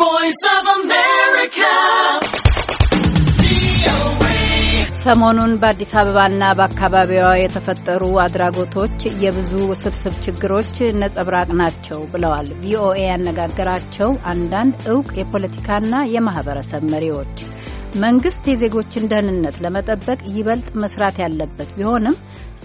voice of America. ሰሞኑን በአዲስ አበባና በአካባቢዋ የተፈጠሩ አድራጎቶች የብዙ ውስብስብ ችግሮች ነጸብራቅ ናቸው ብለዋል ቪኦኤ ያነጋገራቸው አንዳንድ እውቅ የፖለቲካና የማህበረሰብ መሪዎች። መንግስት የዜጎችን ደህንነት ለመጠበቅ ይበልጥ መስራት ያለበት ቢሆንም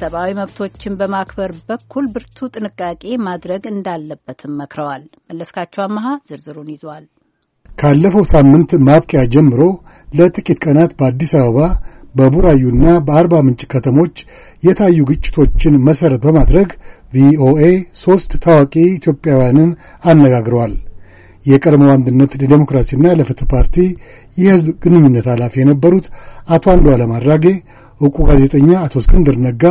ሰብአዊ መብቶችን በማክበር በኩል ብርቱ ጥንቃቄ ማድረግ እንዳለበትም መክረዋል። መለስካቸው አመሃ ዝርዝሩን ይዟል። ካለፈው ሳምንት ማብቂያ ጀምሮ ለጥቂት ቀናት በአዲስ አበባ በቡራዩና በአርባ ምንጭ ከተሞች የታዩ ግጭቶችን መሠረት በማድረግ ቪኦኤ ሦስት ታዋቂ ኢትዮጵያውያንን አነጋግረዋል። የቀድሞው አንድነት ለዲሞክራሲና ለፍትህ ፓርቲ የሕዝብ ግንኙነት ኃላፊ የነበሩት አቶ አንዱዓለም አራጌ እውቁ ጋዜጠኛ አቶ እስክንድር ነጋ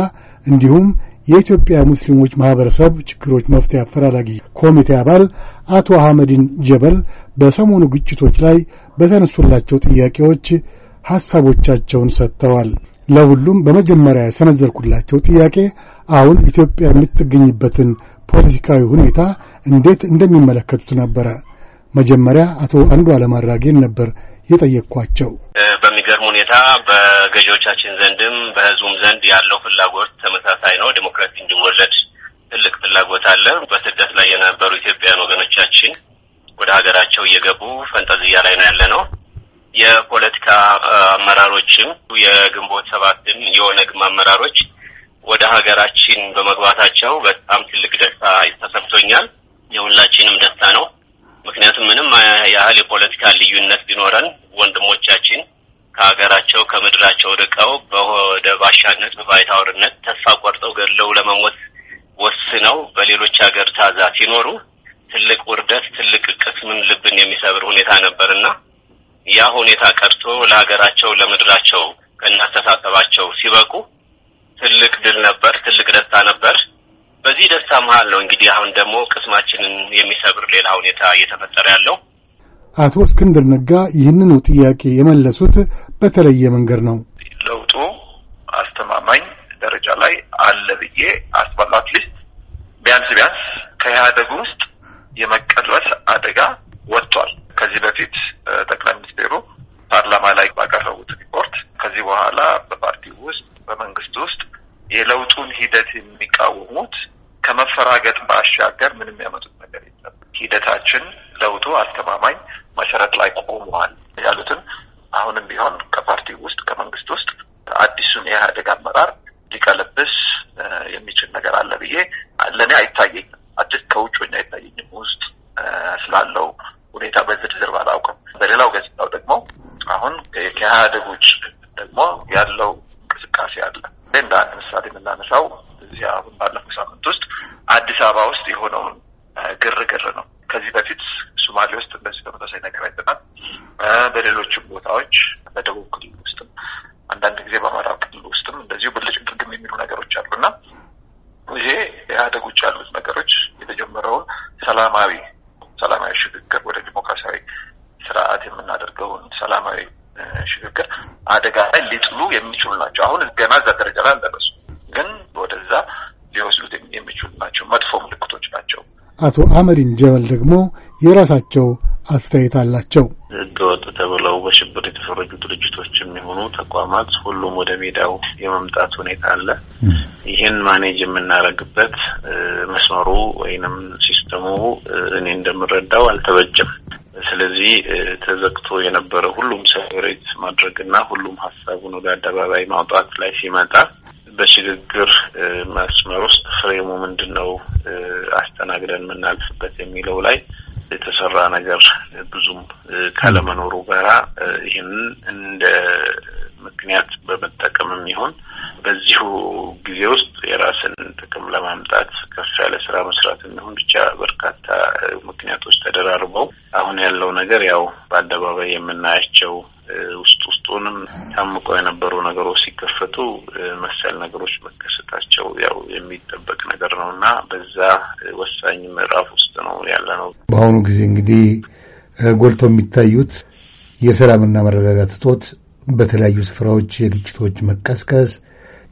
እንዲሁም የኢትዮጵያ ሙስሊሞች ማህበረሰብ ችግሮች መፍትሄ አፈላላጊ ኮሚቴ አባል አቶ አህመዲን ጀበል በሰሞኑ ግጭቶች ላይ በተነሱላቸው ጥያቄዎች ሐሳቦቻቸውን ሰጥተዋል። ለሁሉም በመጀመሪያ የሰነዘርኩላቸው ጥያቄ አሁን ኢትዮጵያ የምትገኝበትን ፖለቲካዊ ሁኔታ እንዴት እንደሚመለከቱት ነበረ። መጀመሪያ አቶ አንዱ ዓለም አራጌን ነበር የጠየቅኳቸው። በሚገርም ሁኔታ በገዢዎቻችን ዘንድም በህዝቡም ዘንድ ያለው ፍላጎት ተመሳሳይ ነው። ዴሞክራሲ እንዲወለድ ትልቅ ፍላጎት አለ። በስደት ላይ የነበሩ ኢትዮጵያውያን ወገኖቻችን ወደ ሀገራቸው እየገቡ ፈንጠዝያ ላይ ነው ያለ ነው። የፖለቲካ አመራሮችም የግንቦት ሰባትም የኦነግም አመራሮች ወደ ሀገራችን በመግባታቸው በጣም ትልቅ ደስታ ተሰምቶኛል። የሁላችንም ደስታ ነው። ምክንያቱም ምንም ያህል የፖለቲካ ልዩነት ቢኖረን ወንድሞቻችን ከሀገራቸው ከምድራቸው ርቀው በወደ ባሻነት በባይታወርነት ተስፋ ቆርጠው ገድለው ለመሞት ወስነው በሌሎች ሀገር ታዛ ሲኖሩ ትልቅ ውርደት፣ ትልቅ ቅስምን ልብን የሚሰብር ሁኔታ ነበርና ያ ሁኔታ ቀርቶ ለሀገራቸው ለምድራቸው ከናስተሳሰባቸው ሲበቁ ትልቅ ድል ነበር፣ ትልቅ ደስታ ነበር። በዚህ ደስታ መሀል ነው እንግዲህ አሁን ደግሞ ቅስማችንን የሚሰብር ሌላ ሁኔታ እየተፈጠረ ያለው። አቶ እስክንድር ነጋ ይህንኑ ጥያቄ የመለሱት በተለየ መንገድ ነው። ለውጡ አስተማማኝ ደረጃ ላይ አለ ብዬ አስባለሁ። አትሊስት ቢያንስ ቢያንስ ከኢህአደግ ውስጥ የመቀልበስ አደጋ ወጥቷል። ከዚህ በፊት ጠቅላይ ሚኒስትሩ ፓርላማ ላይ ባቀረቡት ሪፖርት ከዚህ በኋላ በፓርቲው ውስጥ በመንግስት ውስጥ የለውጡን ሂደት የሚቃወሙ ከመፈራገጥ ባሻገር ምንም ያመጡት ነገር የለም። ሂደታችን ለውጡ አስተማማኝ መሰረት ላይ ቆመዋል ያሉትን አሁንም ቢሆን ከፓርቲ ውስጥ ከመንግስት ውስጥ አዲሱን የኢህአዴግ አመራር ሊቀለብስ የሚችል ነገር አለ ብዬ ለእኔ አይታየኝም። አዲስ ከውጭ ወኛ አይታየኝም። ውስጥ ስላለው ሁኔታ በዝርዝር ባላውቅም፣ በሌላው ገጽታው ደግሞ አሁን ከኢህአዴግ ውጭ ስርዓት የምናደርገውን ሰላማዊ ሽግግር አደጋ ላይ ሊጥሉ የሚችሉ ናቸው። አሁን ገና እዛ ደረጃ ላይ አልደረሱ፣ ግን ወደዛ ሊወስዱት የሚችሉ ናቸው። መጥፎ ምልክቶች ናቸው። አቶ አመሪን ጀበል ደግሞ የራሳቸው አስተያየት አላቸው። ህገወጥ ተብለው በሽብር የተፈረጁ ድርጅቶች የሚሆኑ ተቋማት ሁሉም ወደ ሜዳው የመምጣት ሁኔታ አለ። ይህን ማኔጅ የምናደርግበት መስመሩ ወይንም ሲስተሙ እኔ እንደምረዳው አልተበጀም። ስለዚህ ተዘግቶ የነበረ ሁሉም ሰሬት ማድረግና ሁሉም ሀሳቡን ወደ አደባባይ ማውጣት ላይ ሲመጣ በሽግግር መስመር ውስጥ ፍሬሙ ምንድን ነው አስተናግደን የምናልፍበት የሚለው ላይ የተሰራ ነገር ብዙም ካለመኖሩ ጋራ ይህንን እንደ ምክንያት በመጠቀምም ይሁን በዚሁ ጊዜ ውስጥ የራስን ጥቅም ለማምጣት ከፍ ያለ ስራ መስራት የሚሆን ብቻ በርካታ ምክንያቶች ተደራርበው አሁን ያለው ነገር ያው በአደባባይ የምናያቸው ውስጥ ውስጡንም ታምቀው የነበሩ ነገሮች ሲከፈቱ መሰል ነገሮች መከሰታቸው ያው የሚጠበቅ ነገር ነው እና በዛ ወሳኝ ምዕራፍ ውስጥ ነው ያለ ነው። በአሁኑ ጊዜ እንግዲህ ጎልቶ የሚታዩት የሰላምና መረጋጋት እጦት በተለያዩ ስፍራዎች የግጭቶች መቀስቀስ፣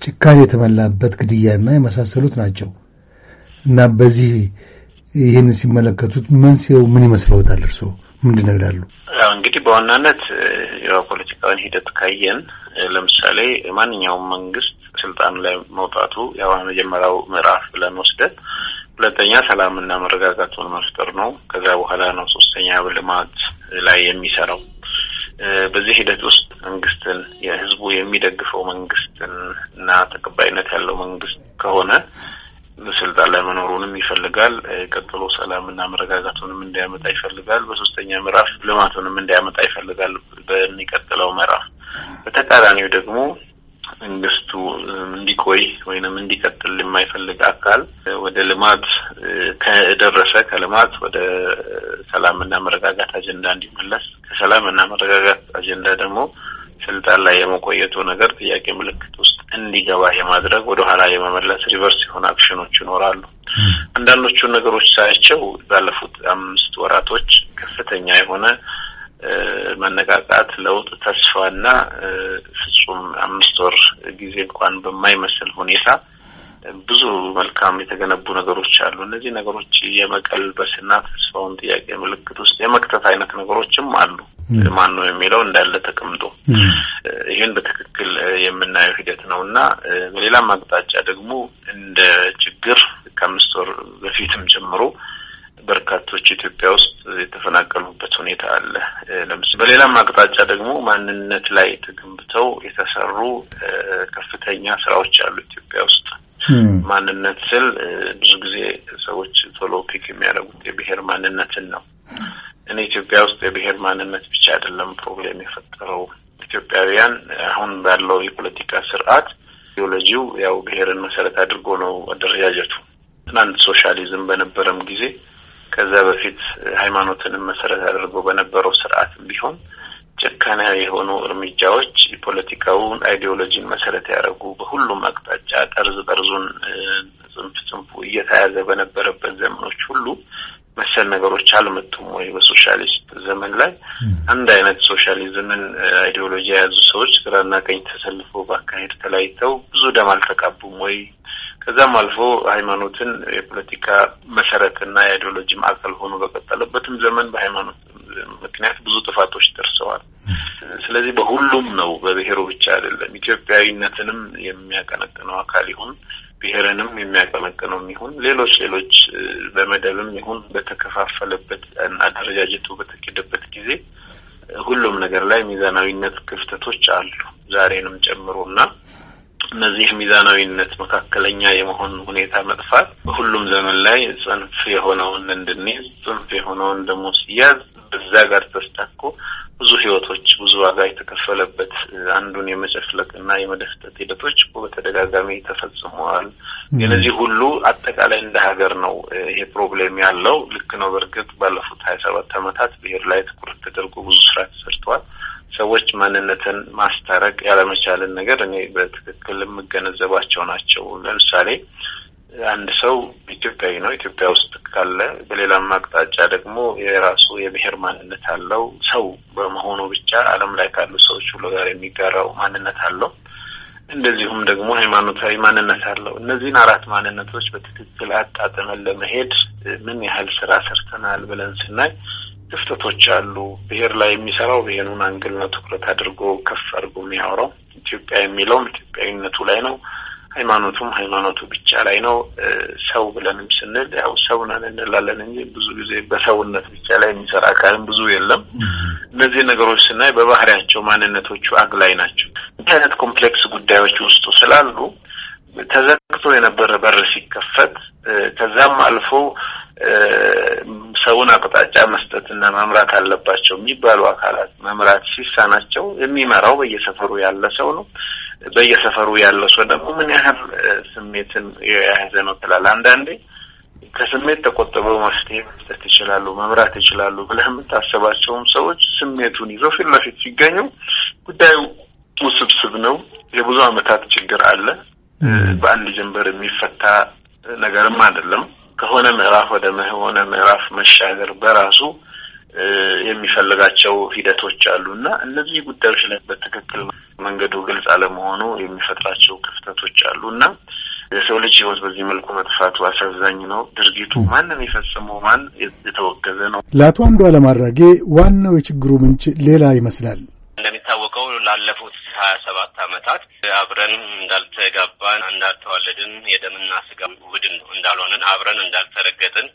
ጭካኔ የተሞላበት ግድያና የመሳሰሉት ናቸው እና በዚህ ይህን ሲመለከቱት መንስኤው ምን ይመስለውታል እርስዎ ምንድን ነው ይላሉ? እንግዲህ በዋናነት የፖለቲካውን ሂደት ካየን ለምሳሌ ማንኛውም መንግስት ስልጣን ላይ መውጣቱ ያው መጀመሪያው ምዕራፍ ብለን ወስደን፣ ሁለተኛ ሰላምና መረጋጋቱን መፍጠር ነው። ከዚያ በኋላ ነው ሶስተኛ ልማት ላይ የሚሰራው። በዚህ ሂደት ውስጥ መንግስትን የህዝቡ የሚደግፈው መንግስትን እና ተቀባይነት ያለው መንግስት ከሆነ ስልጣን ላይ መኖሩንም ይፈልጋል። ቀጥሎ ሰላምና መረጋጋቱንም እንዲያመጣ ይፈልጋል። በሶስተኛ ምዕራፍ ልማቱንም እንዲያመጣ ይፈልጋል። በሚቀጥለው ምዕራፍ በተቃራኒው ደግሞ መንግስቱ እንዲቆይ ወይንም እንዲቀጥል የማይፈልግ አካል ወደ ልማት ከደረሰ ከልማት ወደ ሰላምና መረጋጋት አጀንዳ እንዲመለስ ከሰላምና መረጋጋት አጀንዳ ደግሞ ስልጣን ላይ የመቆየቱ ነገር ጥያቄ ምልክት ውስጥ እንዲገባ የማድረግ ወደኋላ የመመለስ ሪቨርስ የሆነ አክሽኖች ይኖራሉ። አንዳንዶቹ ነገሮች ሳያቸው ባለፉት አምስት ወራቶች ከፍተኛ የሆነ መነቃቃት፣ ለውጥ፣ ተስፋና ፍጹም አምስት ወር ጊዜ እንኳን በማይመስል ሁኔታ ብዙ መልካም የተገነቡ ነገሮች አሉ። እነዚህ ነገሮች የመቀልበስና ተስፋውን ጥያቄ ምልክት ውስጥ የመክተት አይነት ነገሮችም አሉ። ማን ነው የሚለው እንዳለ ተቀምጦ ይህን በትክክል የምናየው ሂደት ነው እና በሌላም አቅጣጫ ደግሞ እንደ ችግር ከአምስት ወር በፊትም ጀምሮ በርካቶች ኢትዮጵያ ውስጥ የተፈናቀሉበት ሁኔታ አለ። ለምሳሌ በሌላም አቅጣጫ ደግሞ ማንነት ላይ ተገንብተው የተሰሩ ከፍተኛ ስራዎች አሉ ኢትዮጵያ ውስጥ። ማንነት ስል ብዙ ጊዜ ሰዎች ቶሎ ፒክ የሚያደርጉት የብሔር ማንነትን ነው። እኔ ኢትዮጵያ ውስጥ የብሔር ማንነት ብቻ አይደለም ፕሮብሌም የፈጠረው። ኢትዮጵያውያን አሁን ባለው የፖለቲካ ስርዓት ኢዲዮሎጂው ያው ብሔርን መሰረት አድርጎ ነው አደረጃጀቱ። ትናንት ሶሻሊዝም በነበረም ጊዜ ከዛ በፊት ሃይማኖትንም መሰረት አድርጎ በነበረው ስርዓት ቢሆን ጭካኔ የሆኑ እርምጃዎች ፖለቲካውን፣ አይዲዮሎጂን መሰረት ያደረጉ በሁሉም አቅጣጫ ጠርዝ ጠርዙን ጽንፍ ጽንፉ እየተያዘ በነበረበት ዘመኖች ሁሉ መሰል ነገሮች አልመጡም ወይ? በሶሻሊስት ዘመን ላይ አንድ አይነት ሶሻሊዝምን አይዲዮሎጂ የያዙ ሰዎች ግራና ቀኝ ተሰልፎ በአካሄድ ተለያይተው ብዙ ደም አልተቃቡም ወይ? ከዛም አልፎ ሃይማኖትን የፖለቲካ መሰረትና የአይዲዮሎጂ ማዕከል ሆኖ በቀጠለበትም ዘመን በሃይማኖት ምክንያት ብዙ ጥፋቶች ደርሰዋል። ስለዚህ በሁሉም ነው፣ በብሔሩ ብቻ አይደለም። ኢትዮጵያዊነትንም የሚያቀነቅነው አካል ይሁን ብሔርንም የሚያቀነቅነው ይሁን ሌሎች ሌሎች በመደብም ይሁን በተከፋፈለበት አደረጃጀቱ በተኬደበት ጊዜ ሁሉም ነገር ላይ ሚዛናዊነት ክፍተቶች አሉ ዛሬንም ጨምሮ እና እነዚህ ሚዛናዊነት መካከለኛ የመሆን ሁኔታ መጥፋት በሁሉም ዘመን ላይ ጽንፍ የሆነውን እንድንይዝ ጽንፍ የሆነውን ደግሞ ሲያዝ በዛ ጋር ተስታኮ ብዙ ህይወቶች ብዙ ዋጋ የተከፈለበት አንዱን የመጨፍለቅ እና የመደፍጠት ሂደቶች በተደጋጋሚ ተፈጽመዋል። የነዚህ ሁሉ አጠቃላይ እንደ ሀገር ነው ይሄ ፕሮብሌም ያለው ልክ ነው። በእርግጥ ባለፉት ሀያ ሰባት ዓመታት ብሔር ላይ ትኩረት ተደርጎ ብዙ ስራ ተሰርተዋል። ሰዎች ማንነትን ማስታረቅ ያለመቻልን ነገር እኔ በትክክል የምገነዘባቸው ናቸው። ለምሳሌ አንድ ሰው ኢትዮጵያዊ ነው። ኢትዮጵያ ውስጥ ካለ በሌላም አቅጣጫ ደግሞ የራሱ የብሔር ማንነት አለው። ሰው በመሆኑ ብቻ ዓለም ላይ ካሉ ሰዎች ሁሉ ጋር የሚጋራው ማንነት አለው። እንደዚሁም ደግሞ ሃይማኖታዊ ማንነት አለው። እነዚህን አራት ማንነቶች በትክክል አጣጥመን ለመሄድ ምን ያህል ስራ ሰርተናል ብለን ስናይ ክፍተቶች አሉ። ብሔር ላይ የሚሰራው ብሔሩን አንግል ነው ትኩረት አድርጎ ከፍ አድርጎ የሚያወራው ኢትዮጵያ የሚለውም ኢትዮጵያዊነቱ ላይ ነው። ሃይማኖቱም ሃይማኖቱ ብቻ ላይ ነው። ሰው ብለንም ስንል ያው ሰው ነን እንላለን እንጂ ብዙ ጊዜ በሰውነት ብቻ ላይ የሚሰራ አካልም ብዙ የለም። እነዚህ ነገሮች ስናይ በባህሪያቸው ማንነቶቹ አግላይ ናቸው። እንዲህ አይነት ኮምፕሌክስ ጉዳዮች ውስጡ ስላሉ ተዘግቶ የነበረ በር ሲከፈት ከዛም አልፎ ሰውን አቅጣጫ መስጠትና መምራት አለባቸው የሚባሉ አካላት መምራት ሲሳናቸው የሚመራው በየሰፈሩ ያለ ሰው ነው። በየሰፈሩ ያለ ሰው ደግሞ ምን ያህል ስሜትን የያዘ ነው ትላል። አንዳንዴ ከስሜት ተቆጥበው መፍትሄ መስጠት ይችላሉ፣ መምራት ይችላሉ ብለህ የምታስባቸውም ሰዎች ስሜቱን ይዘው ፊት ለፊት ሲገኙ ጉዳዩ ውስብስብ ነው። የብዙ ዓመታት ችግር አለ። በአንድ ጀንበር የሚፈታ ነገርም አይደለም። ከሆነ ምዕራፍ ወደ ሆነ ምዕራፍ መሻገር በራሱ የሚፈልጋቸው ሂደቶች አሉ እና እነዚህ ጉዳዮች ላይ በትክክል መንገዱ ግልጽ አለመሆኑ የሚፈጥራቸው ክፍተቶች አሉ እና የሰው ልጅ ህይወት በዚህ መልኩ መጥፋቱ አሳዛኝ ነው። ድርጊቱ ማንም የፈጸመው ማን የተወገዘ ነው። ለአቶ አምዷ አለማራጌ ዋናው የችግሩ ምንጭ ሌላ ይመስላል። ላለፉት ሀያ ሰባት አመታት አብረን እንዳልተጋባን፣ እንዳልተዋለድን የደምና ስጋ ውድን እንዳልሆንን፣ አብረን እንዳልተረገጥን፣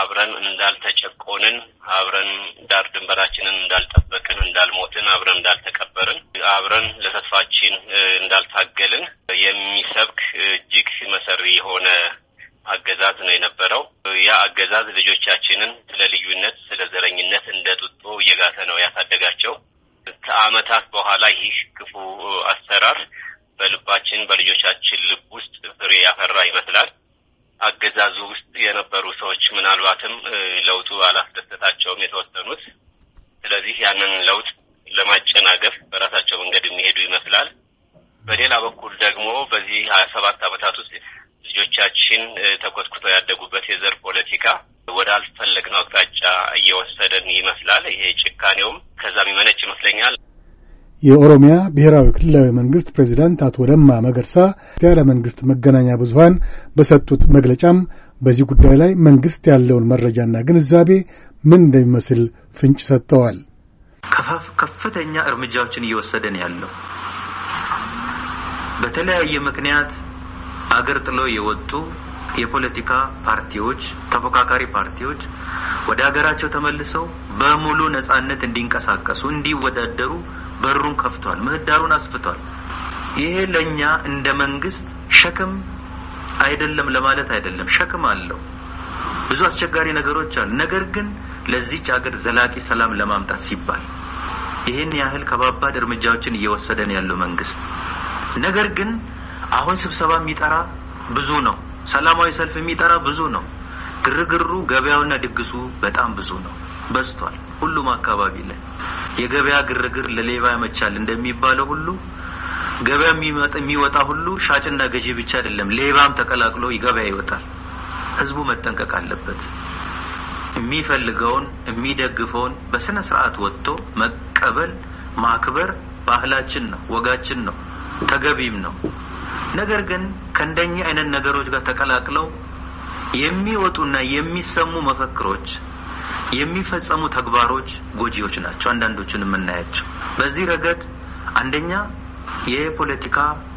አብረን እንዳልተጨቆንን፣ አብረን ዳር ድንበራችንን እንዳልጠበቅን፣ እንዳልሞትን፣ አብረን እንዳልተቀበርን፣ አብረን ለተስፋችን እንዳልታገልን የሚሰብክ እጅግ መሰሪ የሆነ አገዛዝ ነው የነበረው። ያ አገዛዝ ልጆቻችንን ስለ ልዩነት፣ ስለ ዘረኝነት እንደ ጡጦ እየጋተ ነው ያሳደጋቸው። ከአመታት በኋላ ይህ ክፉ አሰራር በልባችን በልጆቻችን ልብ ውስጥ ፍሬ ያፈራ ይመስላል። አገዛዙ ውስጥ የነበሩ ሰዎች ምናልባትም ለውጡ አላስደሰታቸውም የተወሰኑት። ስለዚህ ያንን ለውጥ ለማጨናገፍ በራሳቸው መንገድ የሚሄዱ ይመስላል። በሌላ በኩል ደግሞ በዚህ ሀያ ሰባት አመታት ውስጥ ልጆቻችን ተኮትኩተው ያደጉበት የዘር ፖለቲካ ወደ አልፈለግነው አቅጣጫ እየወሰደን ይመስላል። ይሄ ጭካኔውም ከዛም ይመነጭ ይመስለኛል። የኦሮሚያ ብሔራዊ ክልላዊ መንግስት ፕሬዚዳንት አቶ ለማ መገርሳ ያለ መንግስት መገናኛ ብዙኃን በሰጡት መግለጫም በዚህ ጉዳይ ላይ መንግስት ያለውን መረጃና ግንዛቤ ምን እንደሚመስል ፍንጭ ሰጥተዋል። ከፍተኛ እርምጃዎችን እየወሰደን ያለው። በተለያየ ምክንያት አገር ጥለው የወጡ የፖለቲካ ፓርቲዎች፣ ተፎካካሪ ፓርቲዎች ወደ ሀገራቸው ተመልሰው በሙሉ ነጻነት እንዲንቀሳቀሱ፣ እንዲወዳደሩ በሩን ከፍቷል፣ ምህዳሩን አስፍቷል። ይሄ ለእኛ እንደ መንግስት ሸክም አይደለም ለማለት አይደለም፣ ሸክም አለው። ብዙ አስቸጋሪ ነገሮች አሉ። ነገር ግን ለዚች ሀገር ዘላቂ ሰላም ለማምጣት ሲባል ይህን ያህል ከባባድ እርምጃዎችን እየወሰደ ነው ያለው መንግስት። ነገር ግን አሁን ስብሰባ የሚጠራ ብዙ ነው። ሰላማዊ ሰልፍ የሚጠራ ብዙ ነው። ግርግሩ፣ ገበያውና ድግሱ በጣም ብዙ ነው፣ በዝቷል። ሁሉም አካባቢ ላይ የገበያ ግርግር ለሌባ ያመቻል እንደሚባለው ሁሉ ገበያ የሚወጣ ሁሉ ሻጭና ገዢ ብቻ አይደለም፣ ሌባም ተቀላቅሎ ገበያ ይወጣል። ህዝቡ መጠንቀቅ አለበት። የሚፈልገውን የሚደግፈውን በስነ ስርዓት ወጥቶ መቀበል ማክበር ባህላችን ነው፣ ወጋችን ነው። ተገቢም ነው። ነገር ግን ከእንደኛ አይነት ነገሮች ጋር ተቀላቅለው የሚወጡና የሚሰሙ መፈክሮች፣ የሚፈጸሙ ተግባሮች ጎጂዎች ናቸው። አንዳንዶቹን የምናያቸው በዚህ ረገድ አንደኛ የፖለቲካ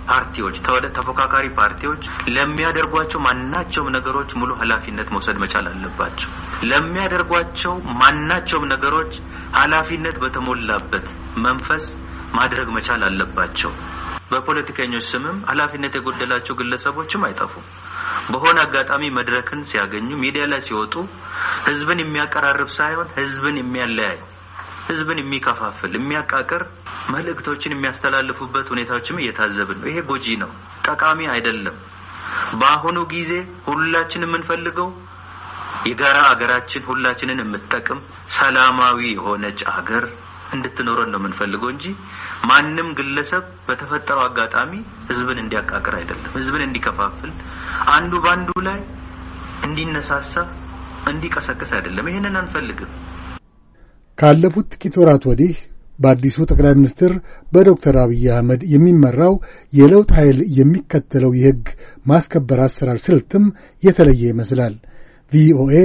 ፓርቲዎች ተፎካካሪ ፓርቲዎች ለሚያደርጓቸው ማናቸውም ነገሮች ሙሉ ኃላፊነት መውሰድ መቻል አለባቸው። ለሚያደርጓቸው ማናቸውም ነገሮች ኃላፊነት በተሞላበት መንፈስ ማድረግ መቻል አለባቸው። በፖለቲከኞች ስምም ኃላፊነት የጎደላቸው ግለሰቦችም አይጠፉም። በሆነ አጋጣሚ መድረክን ሲያገኙ ሚዲያ ላይ ሲወጡ ህዝብን የሚያቀራርብ ሳይሆን ህዝብን የሚያለያይ ህዝብን የሚከፋፍል የሚያቃቅር መልእክቶችን የሚያስተላልፉበት ሁኔታዎችም እየታዘብን ነው። ይሄ ጎጂ ነው፣ ጠቃሚ አይደለም። በአሁኑ ጊዜ ሁላችን የምንፈልገው የጋራ አገራችን ሁላችንን የምትጠቅም ሰላማዊ የሆነች አገር እንድትኖረን ነው የምንፈልገው እንጂ ማንም ግለሰብ በተፈጠረው አጋጣሚ ህዝብን እንዲያቃቅር አይደለም፣ ህዝብን እንዲከፋፍል አንዱ በአንዱ ላይ እንዲነሳሳ እንዲቀሰቅስ አይደለም። ይህንን አንፈልግም። ካለፉት ጥቂት ወራት ወዲህ በአዲሱ ጠቅላይ ሚኒስትር በዶክተር አብይ አህመድ የሚመራው የለውጥ ኃይል የሚከተለው የሕግ ማስከበር አሰራር ስልትም የተለየ ይመስላል። ቪኦኤ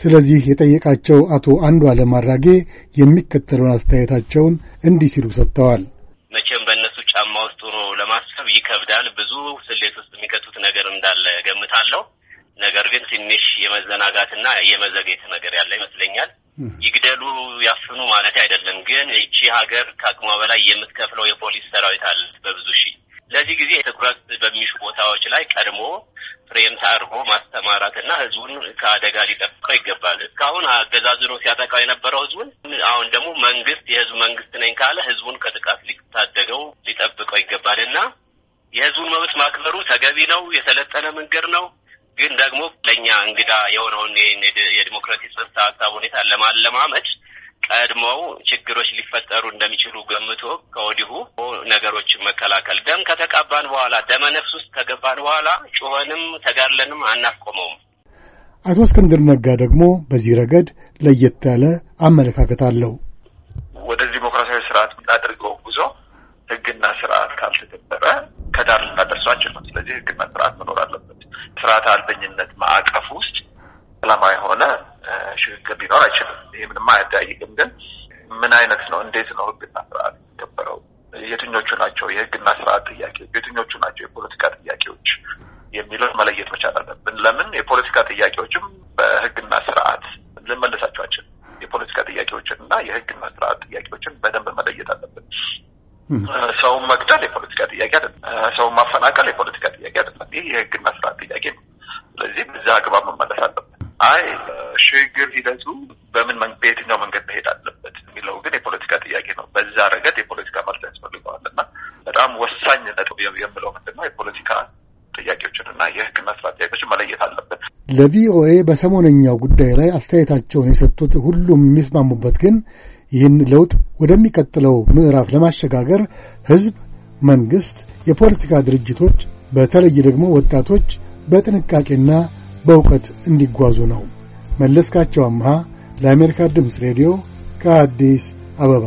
ስለዚህ የጠየቃቸው አቶ አንዱ አለም አራጌ የሚከተለውን አስተያየታቸውን እንዲህ ሲሉ ሰጥተዋል። መቼም በእነሱ ጫማ ውስጥ ሆኖ ለማሰብ ይከብዳል። ብዙ ስሌት ውስጥ የሚከቱት ነገር እንዳለ ገምታለሁ። ነገር ግን ትንሽ የመዘናጋትና የመዘግየት ነገር ያለ ይመስለኛል። ይግደሉ፣ ያፍኑ ማለት አይደለም። ግን ይቺ ሀገር ከአቅሟ በላይ የምትከፍለው የፖሊስ ሰራዊት አለ በብዙ ሺህ። ለዚህ ጊዜ ትኩረት በሚሹ ቦታዎች ላይ ቀድሞ ፍሬም ታርጎ ማስተማራትና ህዝቡን ከአደጋ ሊጠብቀው ይገባል። እስካሁን አገዛዝ ነው ሲያጠቃው የነበረው ህዝቡን። አሁን ደግሞ መንግስት የህዝብ መንግስት ነኝ ካለ ህዝቡን ከጥቃት ሊታደገው ሊጠብቀው ይገባል እና የህዝቡን መብት ማክበሩ ተገቢ ነው፣ የሰለጠነ መንገድ ነው። ግን ደግሞ ለእኛ እንግዳ የሆነውን ይህን የዲሞክራሲ ጽንሰ ሀሳብ ሁኔታ ለማለማመድ ቀድመው ችግሮች ሊፈጠሩ እንደሚችሉ ገምቶ ከወዲሁ ነገሮችን መከላከል። ደም ከተቃባን በኋላ ደመነፍስ ውስጥ ከገባን በኋላ ጩኸንም ተጋድለንም አናቆመውም። አቶ እስክንድር ነጋ ደግሞ በዚህ ረገድ ለየት ያለ አመለካከት አለው። ወደ ዲሞክራሲያዊ ስርዓት የምናደርገው ጉዞ ህግና ስርዓት ካልተገበረ ከዳር ልናደርሷቸው ነው። ስለዚህ ህግና ስርዓት መኖር አለበት። ስርዓት አልበኝነት ማዕቀፍ ውስጥ ሰላማዊ የሆነ ሽግግር ሊኖር አይችልም። ይህ ምንም አያጠያይቅም። ግን ምን አይነት ነው? እንዴት ነው ህግና ስርዓት የሚከበረው? የትኞቹ ናቸው የህግና ስርዓት ጥያቄዎች፣ የትኞቹ ናቸው የፖለቲካ ጥያቄዎች የሚለውን መለየት መቻል አለብን። ለምን የፖለቲካ ጥያቄዎችም በህግና ስርዓት ልመለሳቸዋችን የፖለቲካ ጥያቄዎችን እና የህግና ስርዓት ጥያቄዎችን በደንብ መለየት አለብን። ሰውን መግደል የፖለቲካ ጥያቄ አይደለም። ሰውን ማፈናቀል የፖለቲካ ጥያቄ አይደለም። ይህ የህግና አግባብ መመለስ አለበት። አይ ሽግግር ሂደቱ በምን በየትኛው መንገድ መሄድ አለበት የሚለው ግን የፖለቲካ ጥያቄ ነው። በዛ ረገድ የፖለቲካ መልስ ያስፈልገዋል እና በጣም ወሳኝ ነጥብ የምለው ምንድን ነው የፖለቲካ ጥያቄዎችንና የህግ መስራት ጥያቄዎችን መለየት አለበት። ለቪኦኤ በሰሞነኛው ጉዳይ ላይ አስተያየታቸውን የሰጡት ሁሉም የሚስማሙበት ግን ይህን ለውጥ ወደሚቀጥለው ምዕራፍ ለማሸጋገር ህዝብ፣ መንግስት፣ የፖለቲካ ድርጅቶች በተለይ ደግሞ ወጣቶች በጥንቃቄና በእውቀት እንዲጓዙ ነው። መለስካቸው አምሃ ለአሜሪካ ድምፅ ሬዲዮ ከአዲስ አበባ